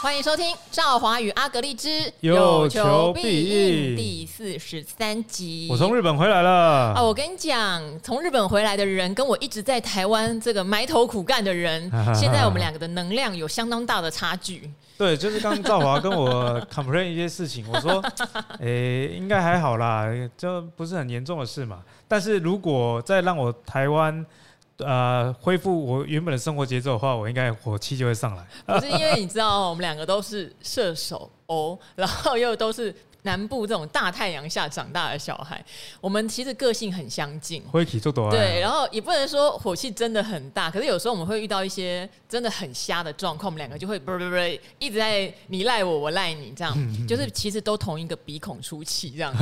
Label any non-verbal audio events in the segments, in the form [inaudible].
歡迎收聽趙華與阿格力之有求必應第四十三集。我從日本回來了啊！我跟你講，從日本回來的人跟我一直在台灣這個埋頭苦幹的人，啊、哈哈現在我們兩個的能量有相當大的差距。對，就是剛趙華跟我 complain 一些事情，我說，誒、哎，應該還好啦，就不是很嚴重的事嘛。但是如果再讓我台灣呃，恢復我原本的生活節奏的話，我應該火氣就會上來。不是因為你知道，哦， [laughs] 我們兩個都是射手哦，然後又都是。南部這種大太陽下長大的小孩，我們其實個性很相近，對，然後也不能說火氣真的很大，可是有時候我們會遇到一些真的很瞎的狀況，我們兩個就會一直在你賴我，我賴你，這樣，就是其實都同一個鼻孔出氣這樣。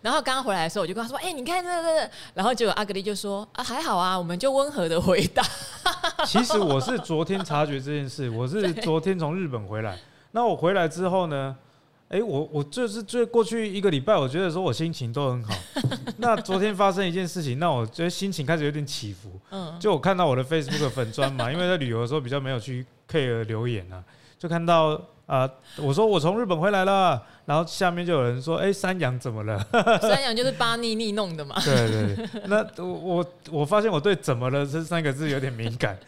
然後剛剛回來的時候，我就跟他說：“哎、欸，你看這個這個”，然後就有阿格力就說：“啊，還好啊，我們就溫和的回答。”其實我是昨天察覺這件事，我是昨天從日本回來，那我回來之後呢？哎、欸，我我就是最過去一個禮拜，我覺得說我心情都很好。 [laughs] 那昨天發生一件事情，那我覺得心情開始有點起伏。嗯，就我看到我的 Facebook 粉專嘛， [laughs] 因為在旅遊的時候比較沒有去 care 留言啊，就看到啊、呃，我說我從日本回來了，然後下面就有人說：“哎、欸，山羊怎麼了？” [laughs] 山羊就是巴尼尼弄的嘛。 [laughs] 對，對對，那我我發現我對“怎麼了”這三個字有點敏感，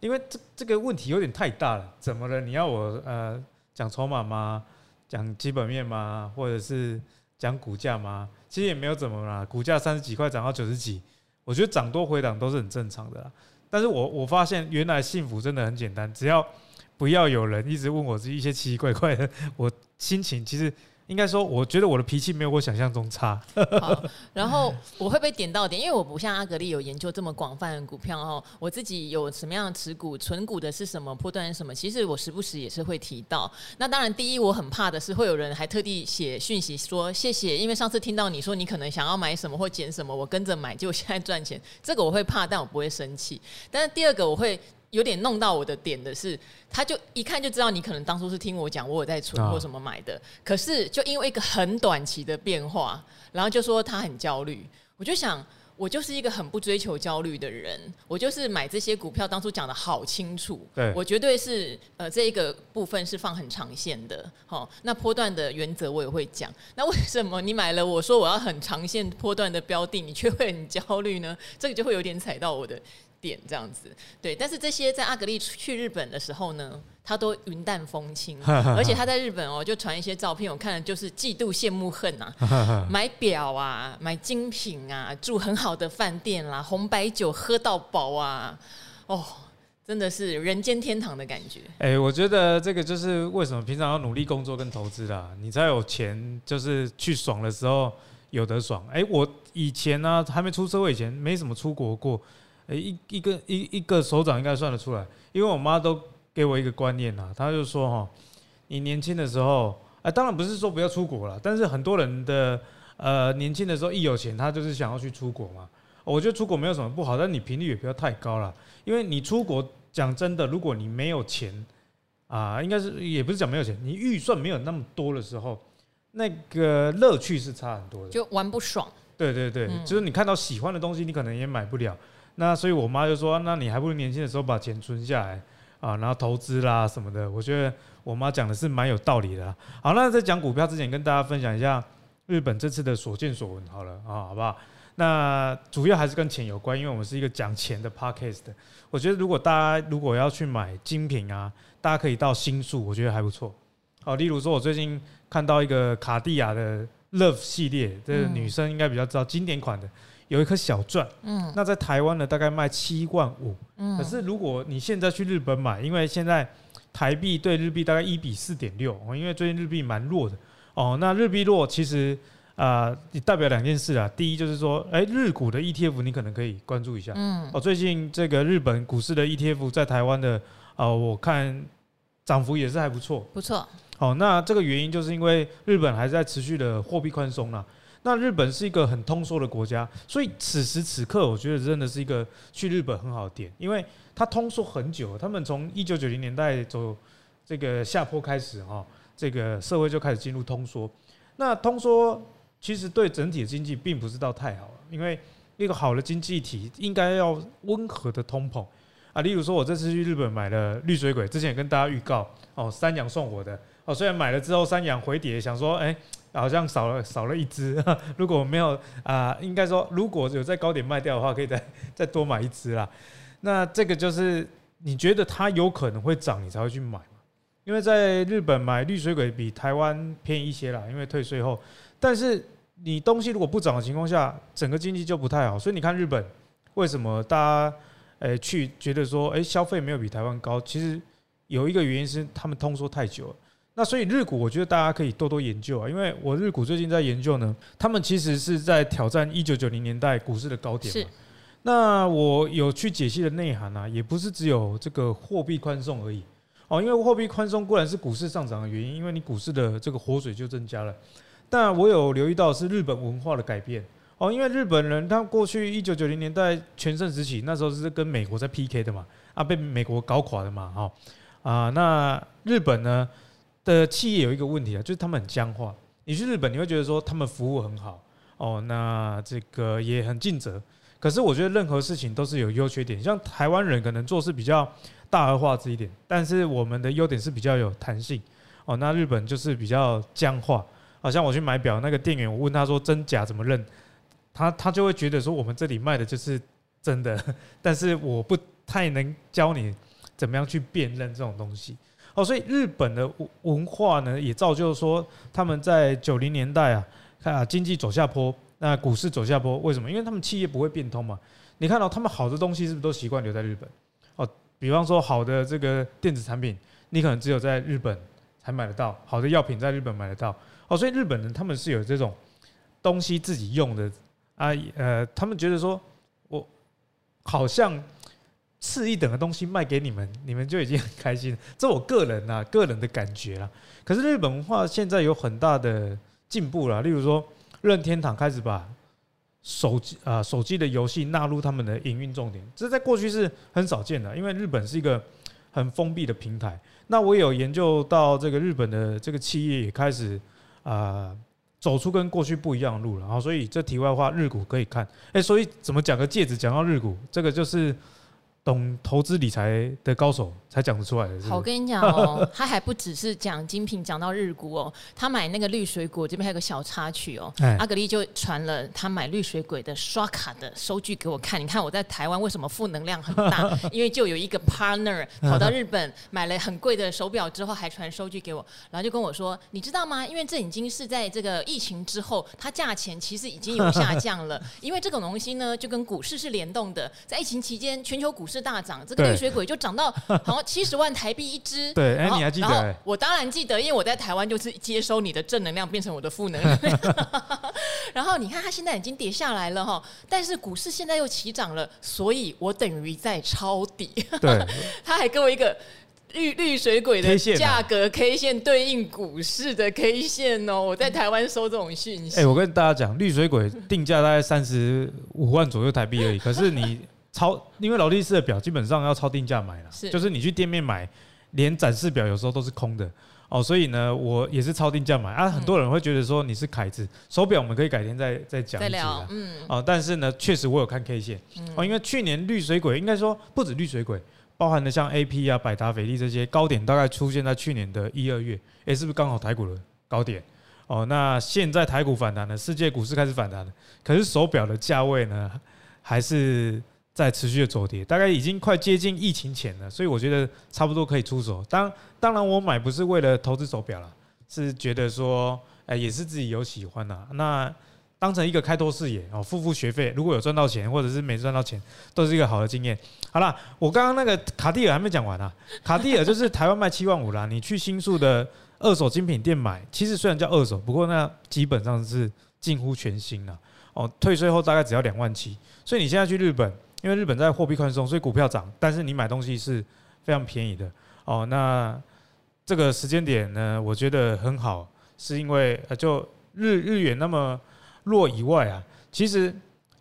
因為這這個問題有點太大了。怎麼了？你要我呃講籌碼嗎？講基本面嗎？或者是講股價嗎？其實也沒有怎麼啦，股價三十幾塊漲到九十幾，我覺得漲多回檔都是很正常的啦。但是我我發現原來幸福真的很簡單，只要不要有人一直問我是一些奇奇怪怪的，我心情其實。應該說，我覺得我的脾氣沒有我想象中差。好，然後我會被點到點，因為我不像阿格力有研究這麼廣泛的股票哦。我自己有什麼樣的持股、存股的是什麼、破斷是什麼，其實我時不時也是會提到。那當然，第一我很怕的是會有人還特地寫訊息說謝謝，因為上次聽到你說你可能想要買什麼或減什麼，我跟着買結果現在賺錢，這個我會怕，但我不會生氣。但是第二個我會。有點弄到我的點的是，他就一看就知道你可能當初是聽我講，我有在存貨什麼買的，可是就因為一個很短期的變化，然後就說他很焦慮。我就想，我就是一個很不追求焦慮的人，我就是買這些股票當初講得好清楚，我絕對是呃這個部分是放很長線的。好，那波段的原則我也會講。那為什麼你買了我說我要很長線波段的標的，你卻會很焦慮呢？這個就會有點踩到我的。點這樣子，對，但是這些在阿格力去日本的時候呢，他都雲淡風輕， [laughs] 而且他在日本哦，就傳一些照片，我看了就是嫉妒、羨慕、恨啊。 [laughs] 買表啊，買精品啊，住很好的飯店啦、啊，紅白酒喝到飽啊，哦，真的是人間天堂的感覺。哎、欸，我覺得這個就是為什麼平常要努力工作跟投資啦、啊，你才有錢，就是去爽的時候有得爽。哎、欸，我以前呢、啊，還沒出社會以前，沒怎麼出國過。誒，一一個一一個手掌應該算得出來，因為我媽都給我一個觀念啊，她就說哈，你年輕的時候，啊，當然不是說不要出國了，但是很多人的呃年輕的時候一有錢，他就是想要去出國嘛。我覺得出國沒有什麼不好，但你頻率也不要太高了，因為你出國講真的，如果你沒有錢啊，應該是也不是講沒有錢，你預算沒有那麼多的時候，那個樂趣是差很多的，就玩不爽。對對對，就是你看到喜歡的東西，你可能也買不了。那所以，我媽就說：“那你還不如年輕的時候把錢存下來啊，然後投資啦什麼的。”我覺得我媽講的是蠻有道理的啊。好，那在講股票之前，跟大家分享一下日本這次的所見所聞好了啊，好不好？那主要還是跟錢有關，因為我們是一個講錢的 podcast。我覺得如果大家如果要去買精品啊，大家可以到新宿，我覺得還不錯。好，例如說我最近看到一個卡地亞的。Love 系列，嗯、這是女生應該比較知道，經典款的有一顆小鑽。嗯，那在台灣呢，大概賣七萬五。嗯，可是如果你現在去日本買，因為現在台幣對日幣大概一比四點六，哦，因為最近日幣蠻弱的。哦，那日幣弱其實啊，呃、代表兩件事啊，第一就是說，哎、欸，日股的 ETF 你可能可以關注一下。嗯，哦，最近這個日本股市的 ETF 在台灣的啊、哦，我看漲幅也是還不錯，不錯。好、哦，那這個原因就是因為日本還在持續的貨幣寬鬆了。那日本是一個很通縮的國家，所以此時此刻，我覺得真的是一個去日本很好的點，因為它通縮很久。他們從一九九零年代走這個下坡開始，哈、哦，這個社會就開始進入通縮。那通縮其實對整體的經濟並不是到太好，因為一個好的經濟體應該要溫和的通膨啊。例如說，我這次去日本買了綠水鬼，之前也跟大家預告哦，三洋送我的。哦，雖然買了之後三陽回跌，想說，哎、欸，好像少了少了一隻。如果沒有啊、呃，應該說如果有在高點賣掉的話，可以再再多買一隻啦。那這個就是你覺得它有可能會漲，你才會去買嘛。因為在日本買綠水鬼比台灣便宜一些啦，因為退稅後。但是你東西如果不漲的情況下，整個經濟就不太好。所以你看日本為什麼大家誒、欸、去覺得說，哎、欸，消費沒有比台灣高？其實有一個原因是他們通縮太久了。那所以日股，我覺得大家可以多多研究啊，因為我日股最近在研究呢，他們其實是在挑戰一九九零年代股市的高點嘛是。那我有去解析的內涵啊，也不是只有這個貨幣寬鬆而已哦，因為貨幣寬鬆固然是股市上漲的原因，因為你股市的這個活水就增加了。但我有留意到是日本文化的改變哦，因為日本人他過去一九九零年代全盛時期那時候是跟美國在 PK 的嘛，啊被美國搞垮的嘛、哦，哈啊，那日本呢？的企業有一個問題啊，就是他們很僵化。你去日本，你會覺得說他們服務很好哦，那這個也很盡責。可是我覺得任何事情都是有優缺點，像台灣人可能做事比較大而化之一點，但是我們的優點是比較有彈性哦。那日本就是比較僵化，好像我去買錶，那個店員，我問他說真假怎麼認，他他就會覺得說，我們這裡賣的就是真的，但是我不太能教你怎麼樣去辨認這種東西。哦，所以日本的文化呢，也造就說他們在九零年代啊啊經濟走下坡，那、啊、股市走下坡，為什麼？因為他們企業不會變通嘛。你看到、哦、他們好的東西是不是都習慣留在日本？哦，比方說好的這個電子產品，你可能只有在日本才買得到；好的藥品在日本買得到。哦，所以日本人他們是有這種東西自己用的啊，呃，他們覺得說我好像。次一等的東西賣給你們，你們就已經很開心了。這我個人啊，個人的感覺啦。可是日本文化現在有很大的進步了，例如說任天堂開始把手機啊、呃、手機的遊戲納入他們的營運重點，這在過去是很少見的，因為日本是一個很封閉的平台。那我有研究到這個日本的這個企業也開始啊、呃、走出跟過去不一樣的路了。然後，所以這題外話，日股可以看。誒、欸。所以怎麼講個戒指？講到日股，這個就是。懂投資理財的高手才講得出來。我跟你講哦，他還不只是講精品，講到日股哦。他買那個綠水鬼，這邊還有個小插曲哦。哎、阿格力就傳了他買綠水鬼的刷卡的收據給我看。你看我在台灣為什麼負能量很大？ [laughs] 因為就有一個 partner 跑到日本 [laughs] 買了很貴的手表之後，還傳收據給我，然後就跟我說：“你知道嗎？因為這已經是在這個疫情之後，它價錢其實已經有下降了。 [laughs] 因為這種東西呢，就跟股市是聯動的。在疫情期間，全球股市……是大漲，這個綠水鬼就漲到好像七十萬台幣一支。對，哎後、欸，你還記得、欸？我當然記得，因為我在台灣就是接收你的正能量，變成我的負能量。 [laughs] [laughs] 然後你看它現在已經跌下來了哈，但是股市現在又起漲了，所以我等於在抄底。對，他 [laughs] 還給我一個綠綠水鬼的價格 K 線、啊、K 線對應股市的 K 線哦、喔。我在台灣收這種訊息。哎、欸，我跟大家講，綠水鬼定價大概三十五萬左右台幣而已，可是你。 [laughs] 超，因為勞力士的錶基本上要超定價買了，是就是你去店面買，連展示錶有時候都是空的哦，所以呢，我也是超定價買啊。嗯、很多人會覺得說你是凱子手錶，我們可以改天再再講。再聊，嗯，哦，但是呢，確實我有看 K 線哦，因為去年綠水鬼應該說不止綠水鬼，包含的像 A P 啊、百達翡麗這些高點大概出現在去年的一二月，哎、欸，是不是剛好台股的高點？哦，那現在台股反彈了，世界股市開始反彈了，可是手錶的價位呢，還是。在持續的走跌，大概已經快接近疫情前了，所以我覺得差不多可以出手。當當然，我買不是為了投資手表啦，是覺得說，誒、欸、也是自己有喜歡的，那當成一個開拓視野哦，付、喔、付學費。如果有賺到錢，或者是沒賺到錢，都是一個好的經驗。好啦，我剛剛那個卡地爾還沒講完啊，卡地爾就是台灣賣七萬五啦，你去新宿的二手精品店買，其實雖然叫二手，不過那基本上是近乎全新了哦、喔，退稅後大概只要兩萬七，所以你現在去日本。因為日本在貨幣寬鬆，所以股票漲，但是你買東西是非常便宜的哦。那這個時間點呢，我覺得很好，是因為呃，就日日元那麼弱以外啊，其實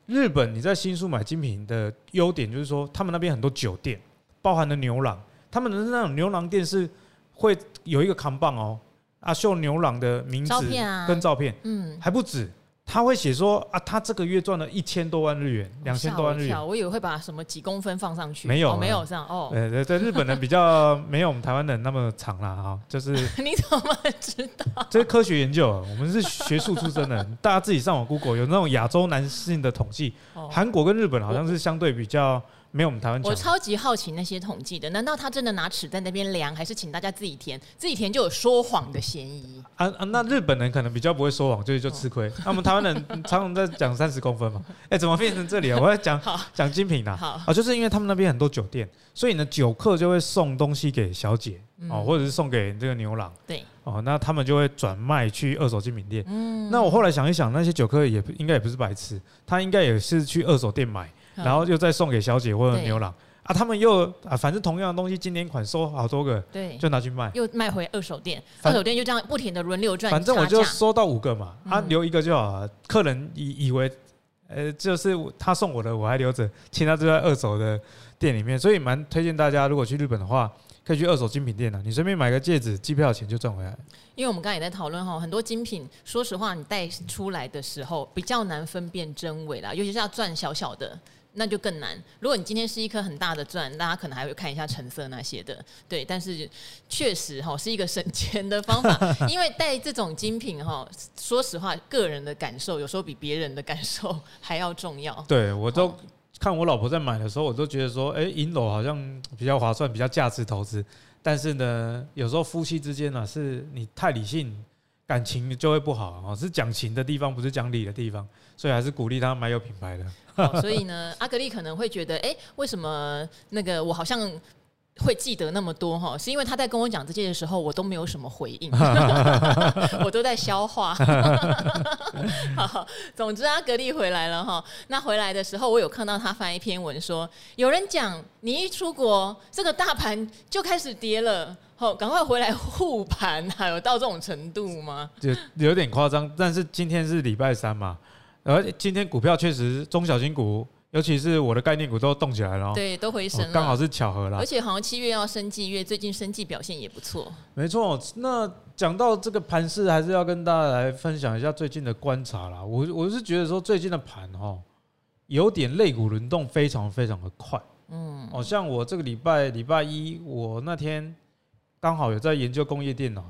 日本你在新宿買精品的優點就是說，他們那邊很多酒店包含了牛郎，他們那那種牛郎店是會有一個扛棒哦，阿、啊、秀牛郎的名字照片啊，跟照片，嗯，還不止。他會寫說啊，他這個月賺了一千多萬日元，兩千多萬日元。我以為會把什麼幾公分放上去，沒有，哦、沒有這樣哦。對對對，日本人比較沒有我們台灣人那麼長了啊，就是 [laughs] 你怎麼知道？這是科學研究，我們是學術出身的人， [laughs] 大家自己上網 Google 有那種亞洲男性的統計，韓國跟日本好像是相對比較。沒有，我們台灣人。我超級好奇那些統計的，難道他真的拿尺在那邊量，還是請大家自己填？自己填就有說謊的嫌疑。啊啊，那日本人可能比較不會說謊，就是就吃虧。哦、那我們台灣人 [laughs] 常常在講三十公分嘛，哎、欸，怎麼變成這裡 [laughs] 好啊？我要講講精品的啊，就是因為他們那邊很多酒店，所以呢酒客就會送東西給小姐、嗯、哦，或者是送給這個牛郎對哦，那他們就會轉賣去二手精品店。嗯，那我後來想一想，那些酒客也不應該也不是白痴，他應該也是去二手店買。然後又再送給小姐，或者牛郎對啊，他們又啊，反正同樣的東西，經典款收好多個，對，就拿去賣，又賣回二手店。啊、二手店就這樣不停的輪流賺。反正我就收到五個嘛，他、嗯啊、留一個就好了。客人以以為，呃，就是他送我的，我還留着，其他都在二手的店裡面。所以蠻推薦大家，如果去日本的話，可以去二手精品店，你隨便買個戒指，機票錢就賺回來。因為我們剛才也在討論哈，很多精品，說實話，你帶出來的時候比較難分辨真偽啦，尤其是要賺小小的。那就更難。如果你今天是一顆很大的鑽，大家可能還會看一下成色那些的，對。但是確實哈，是一個省錢的方法， [laughs] 因為戴這種精品哈，說實話，個人的感受有時候比別人的感受還要重要。對，我都看我老婆在買的時候，我都覺得說，哎、欸，銀樓好像比較划算，比較價值投資。但是呢，有時候夫妻之間呢，是你太理性，感情就會不好啊，是講情的地方，不是講理的地方，所以還是鼓勵他蠻有品牌的。所以呢，阿格力可能會覺得，哎、欸，為什麼那個我好像會記得那麼多哈？是因為他在跟我講這些的時候，我都沒有什麼回應，我都在消化。 [laughs] 好，總之阿格力回來了哈。那回來的時候，我有看到他發一篇文說，有人講你一出國，這個大盤就開始跌了。好，趕快回來護盤？還有到這種程度嗎？就有點誇張。但是今天是禮拜三嘛，而今天股票確實中小型股，尤其是我的概念股都動起來了，哦，對，都回升，剛好是巧合了。而且好像七月要生技月，因為最近生技表現也不錯。沒錯，那講到這個盤勢，還是要跟大家來分享一下最近的觀察啦。我我是覺得說，最近的盤哦，有點類股輪動非常非常的快，嗯，好像我這個禮拜禮拜一，我那天。剛好有在研究工業電腦，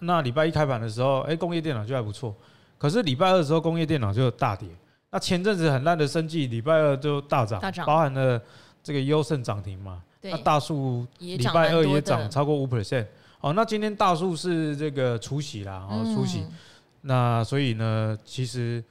那禮拜一開盤的時候，哎、欸，工業電腦就還不錯。可是禮拜二的時候，工業電腦就大跌。那前陣子很爛的生技，禮拜二就大漲，大漲包含了這個優勝漲停嘛。對那大樹禮拜二也漲超過五 percent。哦，那今天大樹是這個除息啦，然後除息。那所以呢，其實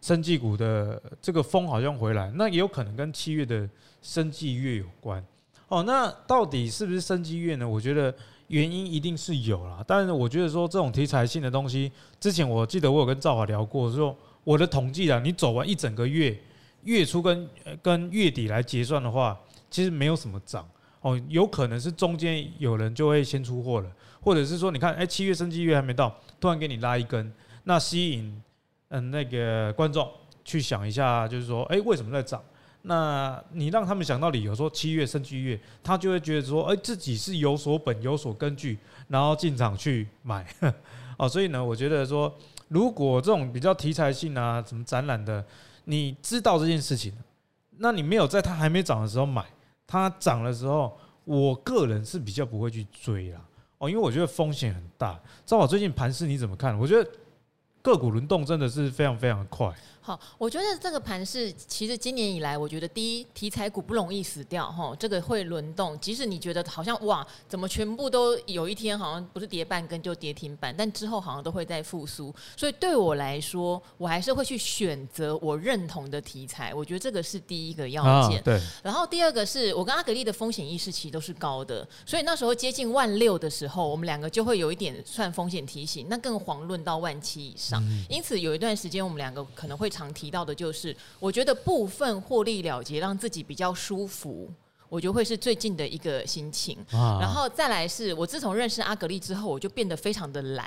生技股的這個風好像回來，那也有可能跟七月的生技月有關。哦，那到底是不是生技月呢？我覺得。原因一定是有啦，但是我覺得說這種題材性的東西，之前我記得我有跟趙華聊過，說我的統計啊，你走完一整個月，月初跟跟月底來結算的話，其實沒有什麼漲哦、喔，有可能是中間有人就會先出貨了，或者是說你看，哎、欸，七月生技月還沒到，突然給你拉一根，那吸引嗯那個觀眾去想一下，就是說，哎、欸，為什麼在漲？那你讓他們想到理由，說七月甚至一月，他就會覺得說，哎、欸，自己是有所本、有所根據，然後進場去買呵呵。哦，所以呢，我覺得說，如果這種比較題材性啊、什麼展覽的，你知道這件事情，那你沒有在他還沒漲的時候買，它漲的時候，我個人是比較不會去追啦。哦，因為我覺得風險很大。趙，我最近盤勢你怎麼看？我覺得個股輪動真的是非常非常快。好，我覺得這個盤是其實今年以來，我覺得第一題材股不容易死掉哈，這個會輪動。即使你覺得好像哇，怎麼全部都有一天好像不是跌半根就跌停板，但之後好像都會再復甦。所以對我來說，我還是會去選擇我認同的題材，我覺得這個是第一個要件。哦、對。然後第二個是我跟阿格力的風險意識其實都是高的，所以那時候接近萬六的時候，我們兩個就會有一點算風險提醒，那更遑論到萬七以上。嗯、因此有一段時間我們兩個可能會。常提到的就是，我覺得部分獲利了結，讓自己比較舒服，我覺得會是最近的一個心情。啊、然後再來是我自從認識阿格力之後，我就變得非常的懶，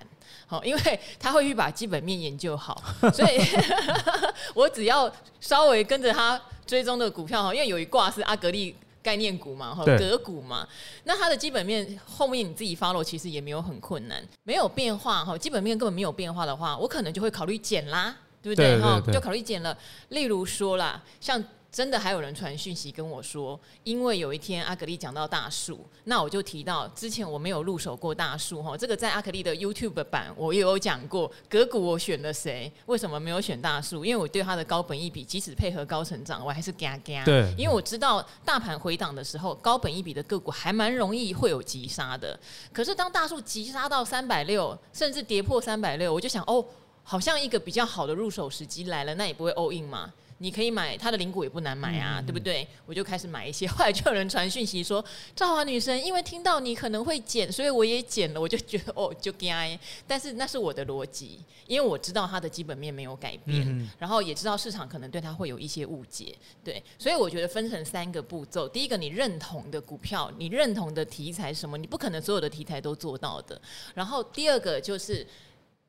好，因為他會去把基本面研究好，所以 [laughs] [laughs] 我只要稍微跟着他追蹤的股票哈，因為有一掛是阿格力概念股嘛，哈對，個股嘛，那他的基本面後面你自己發落其實也沒有很困難，沒有變化哈，基本面根本沒有變化的話，我可能就會考慮減啦。對不對哈？對對對，就考慮減了。例如說啦，像真的還有人傳訊息跟我說，因為有一天阿格力講到大樹，那我就提到之前我沒有入手過大樹哈。這個在阿格力的 YouTube 版我也有講過，個股我選了誰，為什麼沒有選大樹？因為我對它的高本益比，即使配合高成長，我還是嘎嘎。對，因為我知道大盤回檔的時候，高本益比的個股還蠻容易會有急殺的。可是當大樹急殺到三百六，甚至跌破三百六，我就想哦。好像一個比較好的入手時機來了，那也不會 all in 嘛？你可以買它的零股也不難買啊，嗯、哼對不對？我就開始買一些，後來就有人傳訊息說：“趙華女神，因為聽到你可能會減，所以我也減了。”我就覺得哦，就該。但是那是我的邏輯，因為我知道它的基本面沒有改變，嗯、哼然後也知道市場可能對它會有一些誤解，對。所以我覺得分成三個步驟：第一個，你認同的股票，你認同的題材是什麼？你不可能所有的題材都做到的。然後第二個就是。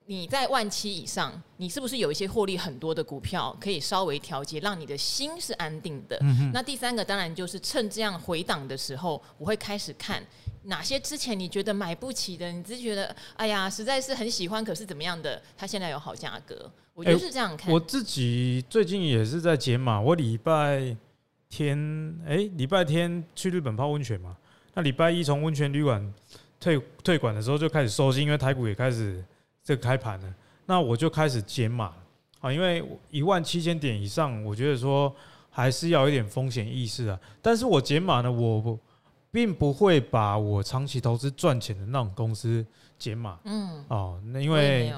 你在萬七以上，你是不是有一些獲利很多的股票可以稍微調節，讓你的心是安定的？嗯、哼那第三個當然就是趁這樣回檔的時候，我會開始看哪些之前你覺得買不起的，你只是覺得哎呀，實在是很喜歡，可是怎麼樣的，它現在有好價格，我就是這樣看、欸。我自己最近也是在解碼，我禮拜天哎，禮、欸、拜天去日本泡溫泉嘛，那禮拜一從溫泉旅館退退館的時候就開始收心，因為台股也開始。這個開盤了，那我就開始減碼啊，因為一萬七千點以上，我覺得說還是要有一點風險意識啊。但是我減碼呢，我並不會把我長期投資賺錢的那種公司減碼，嗯，哦、啊，那因為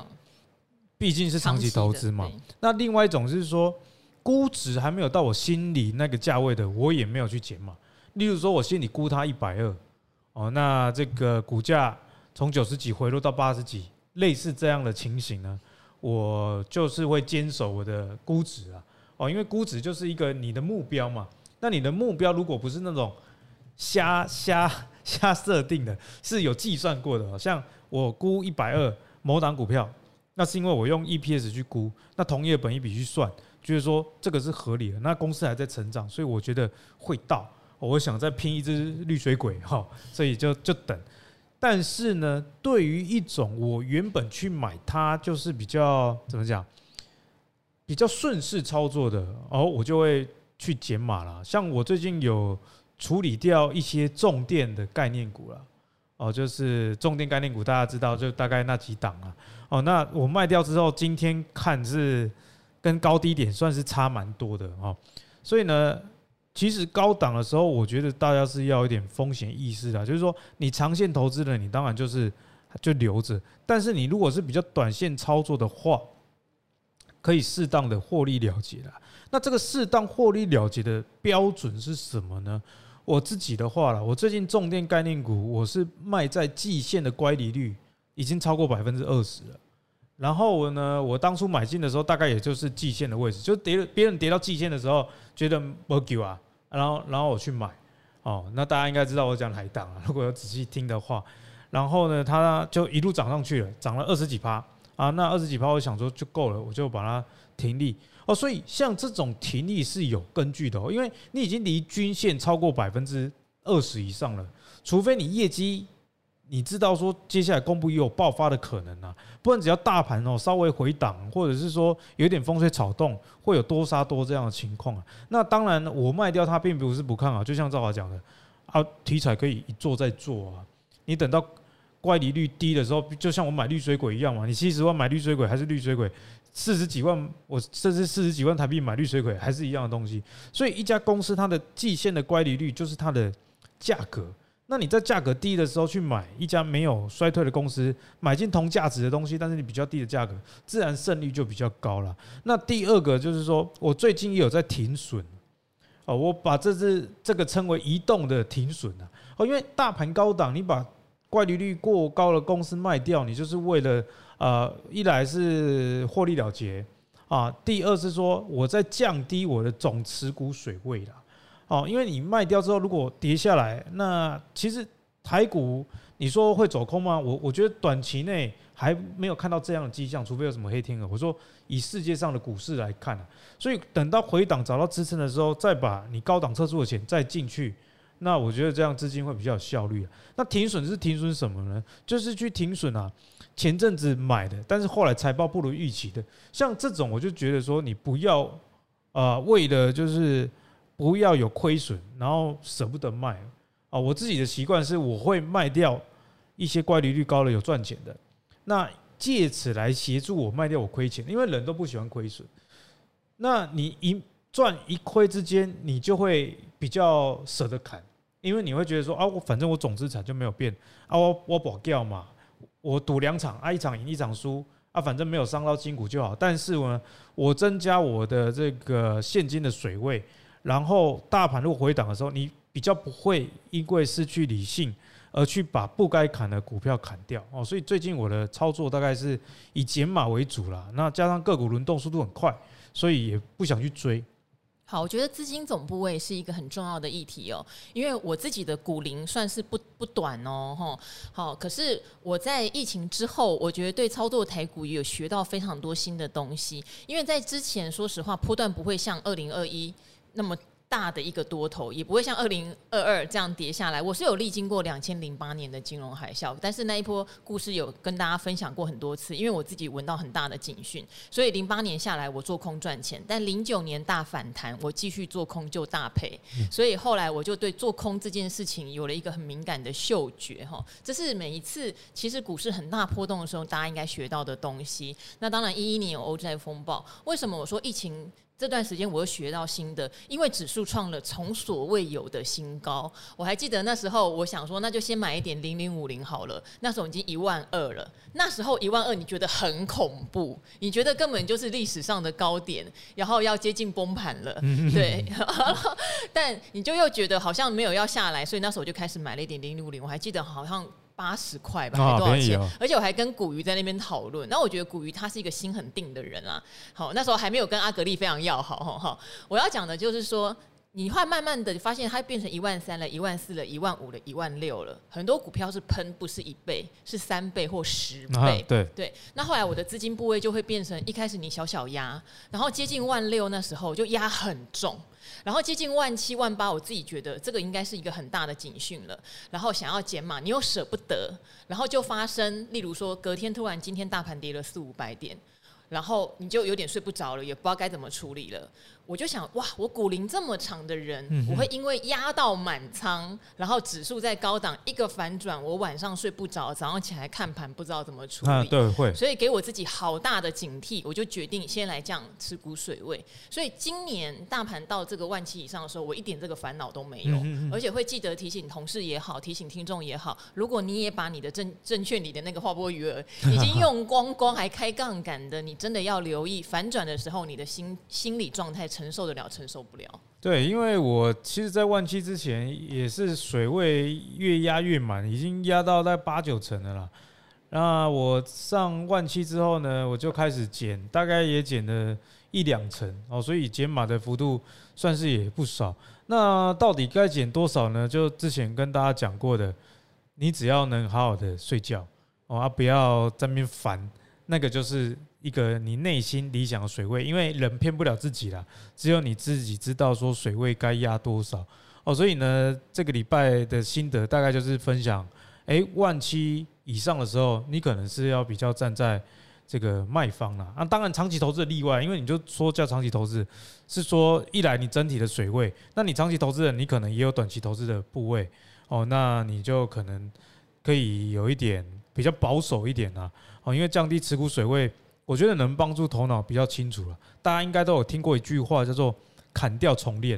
畢竟是長期投資嘛。那另外一種是說，估值還沒有到我心裡那個價位的，我也沒有去減碼。例如說，我心裡估它一百二，哦，那這個股價從九十幾回落到八十幾。類似這樣的情形呢，我就是會堅守我的估值啊，哦，因為估值就是一個你的目標嘛。那你的目標如果不是那種瞎瞎瞎設定的，是有計算過的。像我估一百二某檔股票，那是因為我用 EPS 去估，那同業本益比去算，就是說這個是合理的。那公司還在成長，所以我覺得會到。哦，我想再拼一隻綠水鬼哈，哦，所以就就等。但是呢，對於一種我原本去買它，就是比較怎麼講，比較順勢操作的，哦，我就會去減碼了。像我最近有處理掉一些重電的概念股了，哦，就是重電概念股，大家知道，就大概那幾檔啊。哦，那我賣掉之後，今天看是跟高低點算是差蠻多的哦，所以呢。其實高檔的時候，我覺得大家是要有一點風險意識的，就是說你長線投資的，你當然就是就留着；但是你如果是比較短線操作的話，可以適當的獲利了結的。那這個適當獲利了結的標準是什麼呢？我自己的話了，我最近重電概念股，我是賣在季線的乖離率已經超過百分之二十了。然後我呢，我當初買進的時候，大概也就是季線的位置，就跌別人跌到季線的時候，覺得“啊”。然後，然後我去買，哦，那大家應該知道我講哪一檔啊，如果有仔細聽的話，然後呢，它就一路漲上去了，漲了二十幾趴啊。那二十幾趴，我想說就夠了，我就把它停利哦，所以像這種停利是有根據的哦，因為你已經離均線超過百分之二十以上了，除非你業績。你知道說接下來公布也有爆發的可能啊，不然只要大盤哦稍微回檔，或者是說有點風吹草動，會有多殺多這樣的情況啊。那當然，我賣掉它並不是不看好啊，就像趙華講的啊，題材可以一做再做啊。你等到乖離率低的時候，就像我買綠水鬼一樣嘛，你七十萬買綠水鬼還是綠水鬼，四十幾萬，我甚至四十幾萬台幣買綠水鬼還是一樣的東西。所以一家公司它的季線的乖離率就是它的價格。那你在價格低的時候去買一家沒有衰退的公司，買進同價值的東西，但是你比較低的價格，自然勝率就比較高了。那第二個就是說，我最近也有在停損，哦，我把這支這個稱為移動的停損啊，因為大盤高檔，你把乖離率過高的公司賣掉，你就是為了呃，一來是獲利了結啊，第二是說我在降低我的總持股水位了。哦，因為你賣掉之後，如果跌下來，那其實台股，你說會走空嗎？我我覺得短期內還沒有看到這樣的跡象，除非有什麼黑天鵝。我說以世界上的股市來看啊，所以等到回檔找到支撐的時候，再把你高檔撤出的錢再進去，那我覺得這樣資金會比較有效率啊。那停損是停損什麼呢？就是去停損啊，前陣子買的，但是後來財報不如預期的，像這種我就覺得說你不要啊，呃，為了就是。不要有虧損，然後捨不得賣啊！我自己的習慣是，我會賣掉一些乖離率高了有賺錢的，那借此來協助我賣掉我虧錢，因為人都不喜歡虧損。那你一賺一虧之間，你就會比較捨得砍，因為你會覺得說啊，我反正我總資產就沒有變啊，我我保掉嘛，我賭兩場啊，一場贏一場輸啊，反正沒有傷到筋骨就好。但是呢，我增加我的這個現金的水位。然後大盤如果回檔的時候，你比較不會因為失去理性而去把不該砍的股票砍掉哦。所以最近我的操作大概是以減碼為主啦。那加上個股輪動速度很快，所以也不想去追。好，我覺得資金總部位是一個很重要的議題哦。因為我自己的股齡算是不不短哦，哈。好，可是我在疫情之後，我覺得對操作台股也有學到非常多新的東西。因為在之前，說實話，波段不會像二零二一。那麼大的一個多頭，也不會像二零二二這樣跌下來。我是有歷經過兩千零八年的金融海嘯，但是那一波故事有跟大家分享過很多次，因為我自己聞到很大的警訊，所以零八年下來我做空賺錢，但零九年大反彈我繼續做空就大賠，所以後來我就對做空這件事情有了一個很敏感的嗅覺哈。這是每一次其實股市很大波動的時候，大家應該學到的東西。那當然一一年有歐債風暴，為什麼我說疫情？這段時間我又學到新的，因為指數創了從所未有的新高。我還記得那時候，我想說那就先買一點零零五零好了。那時候已經一萬二了，那時候一萬二你覺得很恐怖，你覺得根本就是歷史上的高點，然後要接近崩盤了。對， [laughs] [laughs] 但你就又覺得好像沒有要下來，所以那時候我就開始買了一點零零五零。我還記得好像。八十塊吧，哦、還多少錢？沒有 而且我還跟古魚在那邊討論，那我覺得古魚他是一個心很定的人啊。好，那時候還沒有跟阿格力非常要好，好好。我要講的就是說。你會慢慢的發現它變成一萬三了，一萬四了，一萬五了，一萬六了。很多股票是噴，不是一倍，是三倍或十倍。啊。對對。那後來我的資金部位就會變成，一開始你小小壓，然後接近萬六那時候就壓很重，然後接近萬七萬八，我自己覺得這個應該是一個很大的警訊了。然後想要減碼，你又舍不得，然後就發生，例如說隔天突然今天大盤跌了四五百點，然後你就有點睡不着了，也不知道該怎麼處理了。我就想哇，我股齡這麼長的人，嗯、哼我會因為壓到滿倉，然後指數在高檔一個反轉，我晚上睡不着，早上起來看盤不知道怎麼處理。啊、對，會，所以給我自己好大的警惕，我就決定先來這樣持股水位。所以今年大盤到這個萬七以上的時候，我一點這個煩惱都沒有，嗯、哼而且會記得提醒同事也好，提醒聽眾也好。如果你也把你的證證券裡的那個劃撥餘額已經用光，光還開槓桿的， [laughs] 你真的要留意反轉的時候，你的心心理狀態。承受得了，承受不了。對，因為我其實，在萬七之前也是水位越壓越滿，已經壓到在八九成了啦。那我上萬七之後呢，我就開始減，大概也減了一兩層哦，所以減碼的幅度算是也不少。那到底該減多少呢？就之前跟大家講過的，你只要能好好的睡覺哦、啊，不要在那邊煩。那個就是一個你內心理想的水位，因為人騙不了自己啦，只有你自己知道說水位該壓多少哦。所以呢，這個禮拜的心得大概就是分享，誒、欸，萬七以上的時候，你可能是要比較站在這個賣方了。那、啊、當然，長期投資的例外，因為你就說叫長期投資，是說一來你整體的水位，那你長期投資人，你可能也有短期投資的部位哦，那你就可能可以有一點。比較保守一點吶，哦，因為降低持股水位，我覺得能幫助頭腦比較清楚了啊。大家應該都有聽過一句話，叫做“砍掉重練”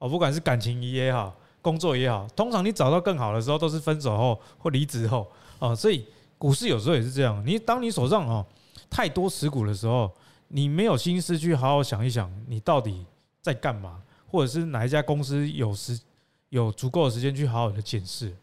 哦，不管是感情也好，工作也好，通常你找到更好的時候，都是分手後或離職後啊。所以股市有時候也是這樣。你當你手上、喔、太多持股的時候，你沒有心思去好好想一想，你到底在幹嘛，或者是哪一家公司有時有足夠的時間去好好的檢視。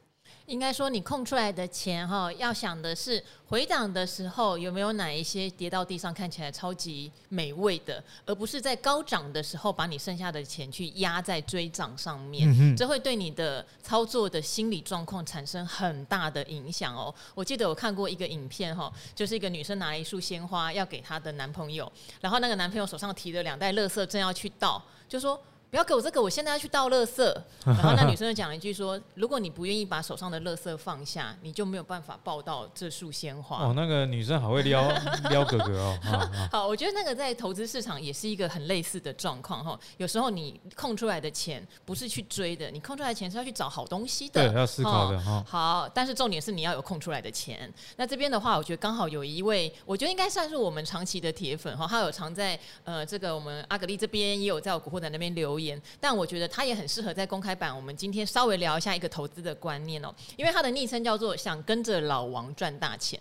應該說，你空出來的錢哈，要想的是回檔的時候有沒有哪一些跌到地上看起來超級美味的，而不是在高漲的時候把你剩下的錢去壓在追漲上面，嗯、哼這會對你的操作的心理狀況產生很大的影響哦、喔。我記得我看過一個影片哈，就是一個女生拿了一束鮮花要給她的男朋友，然後那個男朋友手上提的兩袋垃圾正要去倒，就說。不要給我這個，我現在要去倒垃圾。然後那女生就講了一句說：“如果你不願意把手上的垃圾放下，你就沒有辦法抱到這束鮮花。”哦，那個女生好會撩 [laughs] 撩哥哥哦。啊、 [laughs] 好，我覺得那個在投資市場也是一個很類似的狀況哈。有時候你空出來的錢不是去追的，你空出來的錢是要去找好東西的，對，要思考的哈、哦。好，但是重點是你要有空出來的錢。那這邊的話，我覺得剛好有一位，我覺得應該算是我們長期的鐵粉哈，他有常在呃這個我們阿格力這邊也有在我古惑仔那邊留。但我覺得他也很適合在公開版，我們今天稍微聊一下一個投資的觀念哦，因為他的昵稱叫做“想跟着老王賺大錢”，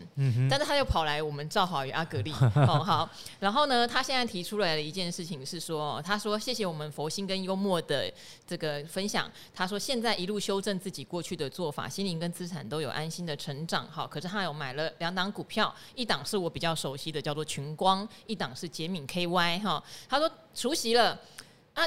但是他又跑來我們趙好與阿格力哦好，然後呢，他現在提出來的一件事情是說，他說謝謝我們佛心跟幽默的這個分享，他說現在一路修正自己過去的做法，心靈跟資產都有安心的成長，好，可是他有買了兩檔股票，一檔是我比較熟悉的叫做群光，一檔是捷敏 KY 哈、哦，他說熟悉了啊。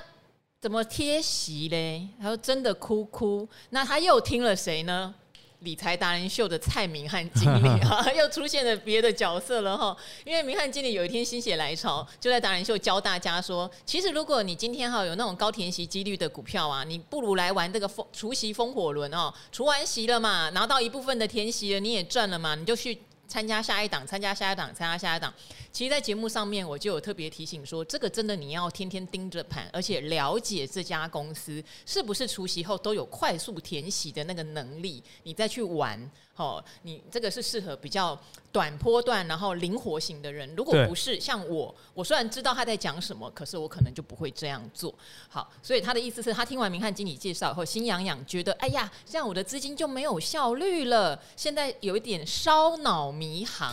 怎麼填息嘞？他說真的哭哭。那他又聽了誰呢？理財達人秀的蔡明翰經理啊，又出現了別的角色了哈。因為明翰經理有一天心血來潮，就在達人秀教大家說：其實如果你今天哈有那種高填息幾率的股票啊，你不如來玩這個除息風火輪哦。除完息了嘛，拿到一部分的填息了，你也賺了嘛，你就去參加下一檔，參加下一檔，參加下一檔。其實，在節目上面我就有特別提醒說，這個真的你要天天盯着盤，而且了解這家公司是不是除息後都有快速填息的那個能力，你再去玩。哦，你這個是適合比較短波段，然後靈活型的人。如果不是對像我，我雖然知道他在講什麼，可是我可能就不會這樣做。好，所以他的意思是他聽完明翰經理介紹以後，心癢癢，覺得哎呀，這樣我的資金就沒有效率了，現在有一點燒腦迷航。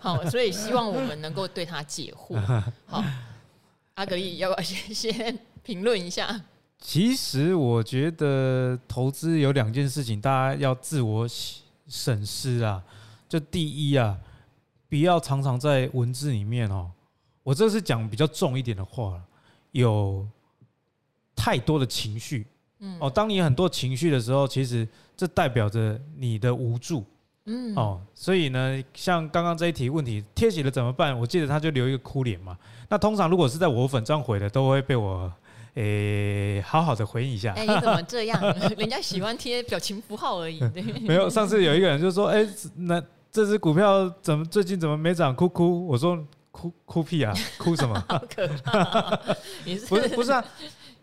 好、 [laughs] 哦，所以希望我們能。我對他解惑。 [laughs] 好，阿格力，要不要先先評論一下？其實我覺得投資有兩件事情，大家要自我審視啊。就第一啊，不要常常在文字裡面哦、喔。我這是講比較重一點的話，有太多的情緒。嗯，哦、喔，當你很多情緒的時候，其實這代表着你的無助。嗯哦，所以呢，像剛剛這一題問題貼起了怎麼辦？我記得他就留一個哭臉嘛。那通常如果是在我粉上回的，都會被我，誒、欸，好好的回應一下。哎、欸，你怎麼這樣？ [laughs] 人家喜歡貼表情符號而已。對，沒有，上次有一個人就說，哎、欸，那這隻股票怎麼最近怎麼沒漲？哭哭，我說哭哭屁啊，哭什麼？ [laughs] 好可怕、哦！你是不是不是啊？ [laughs]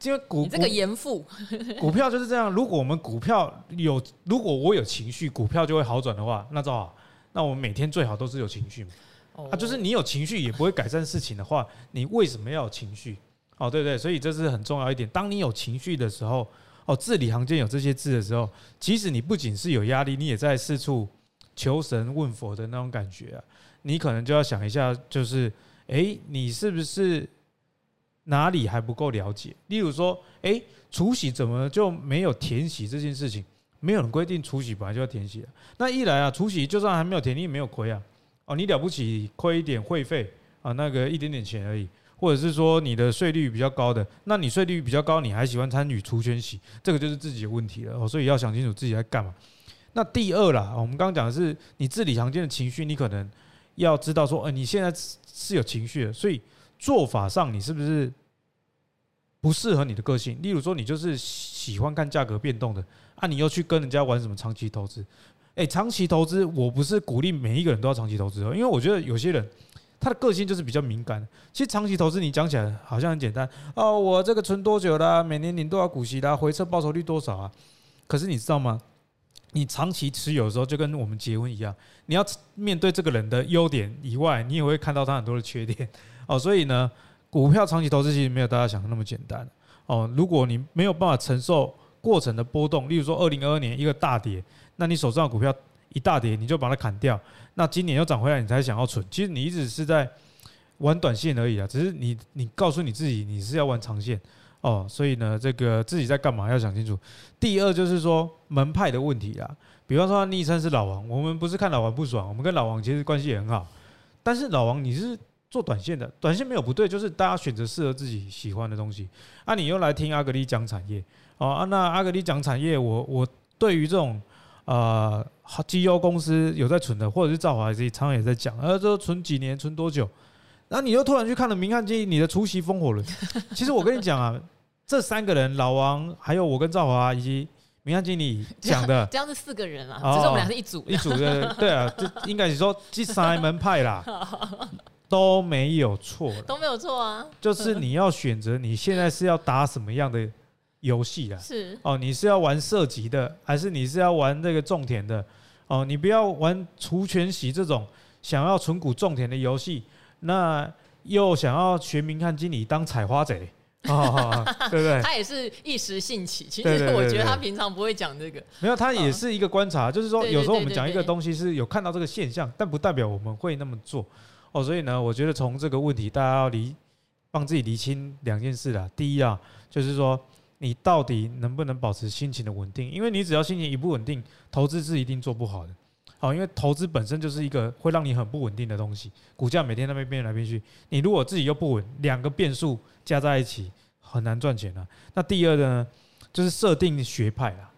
因為股，這個嚴復股票就是這樣。如果我們股票有，如果我有情緒，股票就會好轉的話，那就好。那我們每天最好都是有情緒嘛。哦、啊，就是你有情緒也不會改善事情的話，你為什麼要有情緒？哦，對對，所以這是很重要一點。當你有情緒的時候，哦，字裡行間有這些字的時候，其實你不僅是有壓力，你也在四處求神問佛的那種感覺啊，你可能就要想一下，就是，哎、欸，你是不是？哪裡還不夠了解？例如說，誒、欸，除息怎麼就沒有填息這件事情？沒有人規定除息本來就要填息。那一來啊，除息就算還沒有填，你也沒有虧啊。哦，你了不起，虧一點會費啊，那個一點點錢而已。或者是說你的稅率比較高的，那你稅率比較高，你還喜歡參與除權息，這個就是自己的問題了。哦，所以要想清楚自己在幹嘛。那第二啦，我們剛剛講的是你自己常見的情緒，你可能要知道說，哎、呃，你現在是是有情緒的，所以。做法上，你是不是不適合你的個性？例如說，你就是喜歡看價格變動的啊，你又去跟人家玩什麼長期投資？誒、欸，長期投資，我不是鼓勵每一個人都要長期投資，因為我覺得有些人他的個性就是比較敏感。其實長期投資你講起來好像很簡單哦，我這個存多久啦？每年領多少股息啦？回撤報酬率多少啊？可是你知道嗎？你長期持有的時候，就跟我們結婚一樣，你要面對這個人的優點以外，你也會看到他很多的缺點哦。所以呢，股票長期投資其實沒有大家想的那麼簡單哦。如果你沒有辦法承受過程的波動，例如說二零二二年一個大跌，那你手上的股票一大跌，你就把它砍掉。那今年又漲回來，你才想要存。其實你一直是在玩短線而已啊，只是你你告訴你自己你是要玩長線。哦，所以呢，這個自己在幹嘛要想清楚。第二就是說，門派的問題啦，比方說暱稱是老王，我們不是看老王不爽，我們跟老王其實關係也很好。但是老王你是做短線的，短線沒有不對，就是大家選擇適合自己喜歡的東西。啊，你又來聽阿格力講產業，哦、啊，那阿格力講產業我，我我對於這種呃績優公司有在存的，或者是兆華自己常常也在講，而說存幾年，存多久？那、啊、你又突然去看了明翰經理，你的除夕風火輪。其實我跟你講啊，這三個人，老王還有我跟趙華以及明翰經理講的這樣是四個人啊，哦、這是我們倆是一組，一組的。對啊，就應該是說這三門派啦， [laughs] 都沒有錯，都沒有錯啊。就是你要選擇你現在是要打什麼樣的遊戲啊？ [laughs] 是哦，你是要玩射擊的，還是你是要玩那個種田的？哦，你不要玩除權息這種想要存股種田的遊戲。那又想要全民看經理當採花賊、oh, oh, oh, oh, [laughs] 對不對？他也是一時興起，其實我覺得他平常不會講這個。對對對對對。沒有，他也是一個觀察，oh, 就是說有時候我們講一個東西是有看到這個現象，但不代表我們會那麼做哦。Oh, 所以呢，我覺得從這個問題，大家要離幫自己釐清兩件事了。第一啊，就是說你到底能不能保持心情的穩定？因為你只要心情一不穩定，投資是一定做不好的。哦，因為投資本身就是一個會讓你很不穩定的東西，股價每天那邊變來變去，你如果自己又不穩，兩個變數加在一起很難賺錢的啊。那第二個呢，就是設定學派啦。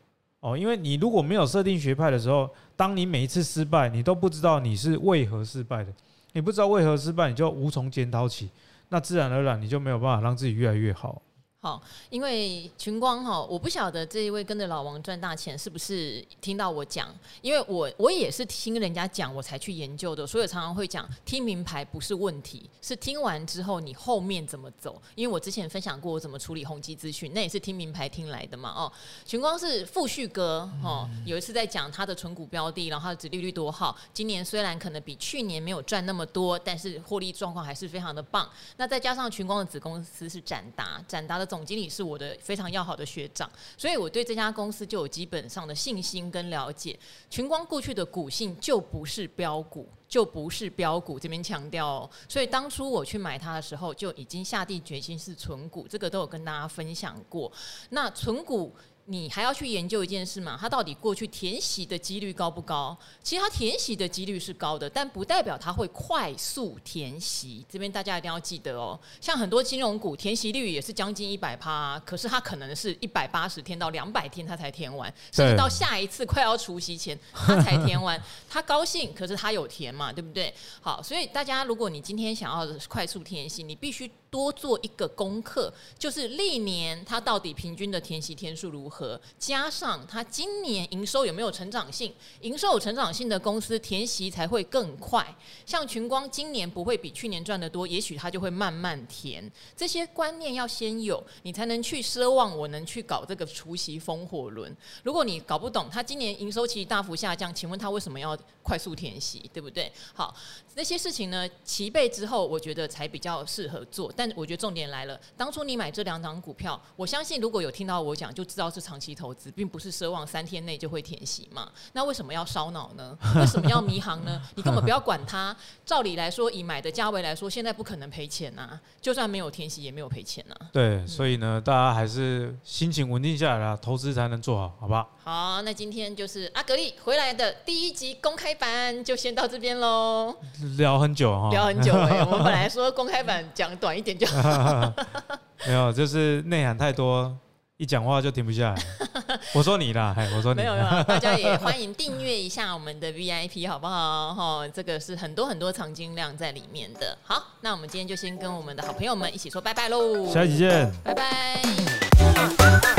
哦，因為你如果沒有設定學派的時候，當你每一次失敗，你都不知道你是為何失敗的，你不知道為何失敗，你就無從檢討起，那自然而然你就沒有辦法讓自己越來越好。好，因為群光哈，我不曉得這一位跟着老王賺大錢是不是聽到我講，因為我我也是聽人家講我才去研究的，所以我常常會講聽名牌不是問題，是聽完之後你後面怎麼走。因為我之前分享過我怎麼處理宏碁資訊，那也是聽名牌聽來的嘛。哦，群光是富旭哥哦，有一次在講他的存股標的，然後他的殖利率多好。今年雖然可能比去年沒有賺那麼多，但是獲利狀況還是非常的棒。那再加上群光的子公司是展達，展達的總經理是我的非常要好的學長，所以我對這家公司就有基本上的信心跟了解。群光過去的股性就不是飆股，就不是飆股，這邊強調哦。所以當初我去買它的時候，就已經下定決心是存股，這個都有跟大家分享過。那存股。你還要去研究一件事嘛？它到底過去填息的幾率高不高？其實它填息的幾率是高的，但不代表它會快速填息。這邊大家一定要記得哦。像很多金融股填息率也是將近一百趴，可是它可能是一百八十天到兩百天它才填完，對甚至到下一次快要除息前它才填完。它 [laughs] 高興，可是它有填嘛，對不對？好，所以大家如果你今天想要快速填息，你必須多做一個功課，就是歷年它到底平均的填息天數如何。和加上他今年營收有沒有成長性？營收有成長性的公司填息才會更快。像群光今年不會比去年賺得多，也許他就會慢慢填。這些觀念要先有，你才能去奢望我能去搞這個除息風火輪。如果你搞不懂他今年營收其實大幅下降，請問他為什麼要快速填息？對不對？好，那些事情呢齊備之後，我覺得才比較適合做。但我覺得重點來了，當初你買這兩檔股票，我相信如果有聽到我講，就知道是。長期投資並不是奢望三天內就會填息嘛？那為什麼要燒腦呢？為什麼要迷航呢？ [laughs] 你根本不要管它。照理來說，以買的價位來說，現在不可能賠錢吶、啊。就算沒有填息，也沒有賠錢吶、啊。對，所以呢，嗯、大家還是心情穩定下來了、啊，投資才能做好，好不好？好，那今天就是阿格力回來的第一集公開版，就先到這邊嘍。聊很久哈、哦，聊很久哎、欸。我們本來說公開版講短一點就， [laughs] [laughs] 沒有，就是內涵太多。一講話就停不下來，我說你啦， [laughs] 我說你，沒有啦沒有，大家也歡迎訂閱一下我們的 VIP，好不好？ [laughs] [laughs] 這個是很多很多藏金量在裡面的。好，那我們今天就先跟我們的好朋友們一起說拜拜嘍，下次見，拜拜。